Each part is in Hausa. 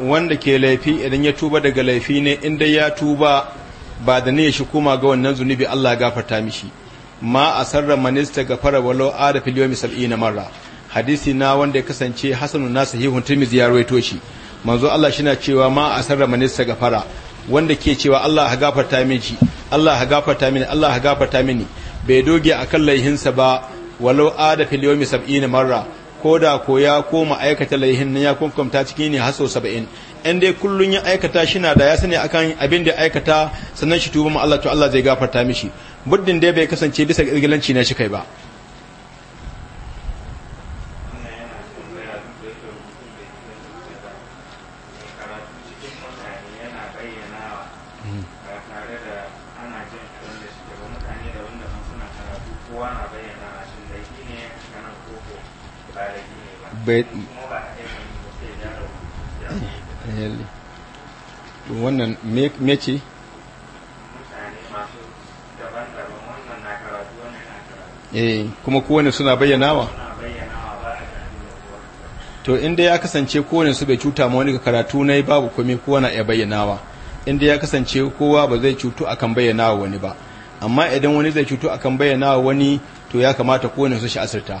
wanda ke laifi idan ya tuba daga laifi ne in ya tuba ba da ne shi kuma ga wannan zunubi Allah gafarta mishi ma a sarra minista ga fara walo a da filiyomi na marra hadisi na wanda ya kasance hasanu na sahihun tirmidhi ya rawaito shi manzo Allah shi na cewa ma a sarra minista ga fara wanda ke cewa Allah ha gafarta mishi Allah ha gafarta mini Allah ha gafarta mini bai doge akan laihinsa ba walau a da filiyomi na marra ko da ko ya koma aikata laihin nan ya kumkumta ciki ne haso saba'in in dai kullun ya aikata shi na da ya sani akan abin da aikata sannan shi tuba ma Allah to Allah zai gafarta mishi muddin dai bai kasance bisa irgilanci na shi kai ba wannan mece eh kuma kowane suna bayyanawa to inda ya kasance kowane su bai cuta ma wani karatu na babu kome kowa na iya bayyanawa inda ya kasance kowa ba zai cutu akan bayyanawa wani ba amma idan wani zai cutu akan bayyanawa wani to ya kamata kowane su shi asirta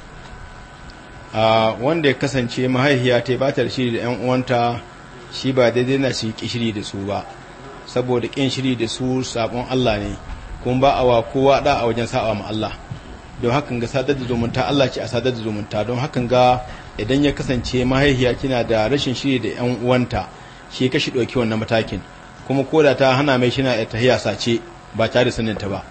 wanda ya kasance mahaifiya ta ba ta shiri da ‘yan uwanta shi ba daidai na su yi shiri da su ba saboda kin shiri da su sabon Allah ne kuma ba a wa kowa da a wajen sa'awa ma Allah don hakan ga sadar da zumunta Allah ce a sadar da zumunta don hakan ga idan ya kasance mahaifiya kina da rashin shiri da ‘yan uwanta shi kashi ɗauki wannan matakin kuma ko da ta hana mai shina ta hiyasa ce ba tare sanin ta ba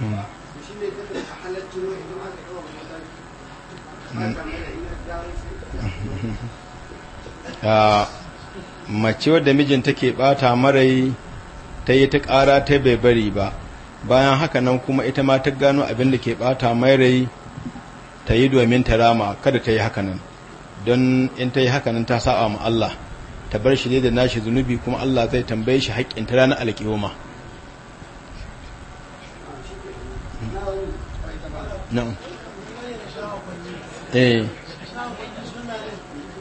Mm. mace wadda mijin take bata marai ta yi ta ƙara ta bai bari ba bayan haka nan kuma ita ma ta gano abin da ke bata marai ta yi domin ta rama kada ta yi hakanan don in ta yi hakanan ta sa'a ma Allah ta bar shi da nashi zunubi kuma Allah zai tambaye shi haƙƙin ta ranar alƙiyoma na'am eh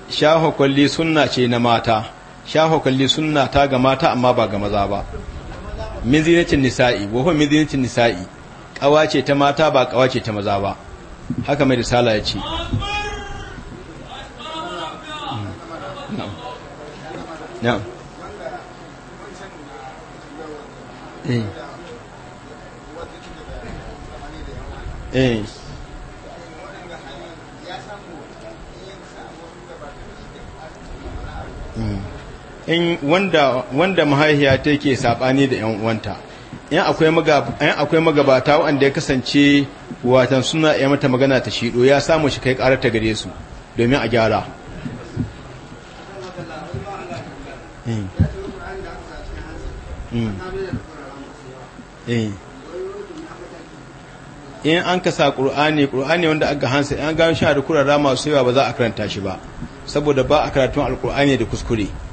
shaho kwalli sunna ce na mata shaho kwalli sunna ta ga mata amma ba ga maza ba min zinatin nisa'i wahon huwa min zinatin nisa'i ƙawace ce ta mata ba ƙawace ce ta maza ba haka mai risala ya ce na'am na'am eh Eh. Hmm. in wanda wanda ta ke saɓani da yan uwanta in akwai magabata wanda ya kasance watan suna ya mata magana ta shiɗo ya samu shi kai ƙarar ta gare su domin a gyara hmm. Hmm. eh eh in an ka sa ƙur'ani ƙur'ani wanda aka hansa in an gano shi da kurara masu yawa ba za a karanta shi ba saboda ba a karatun alƙur'ani da kuskure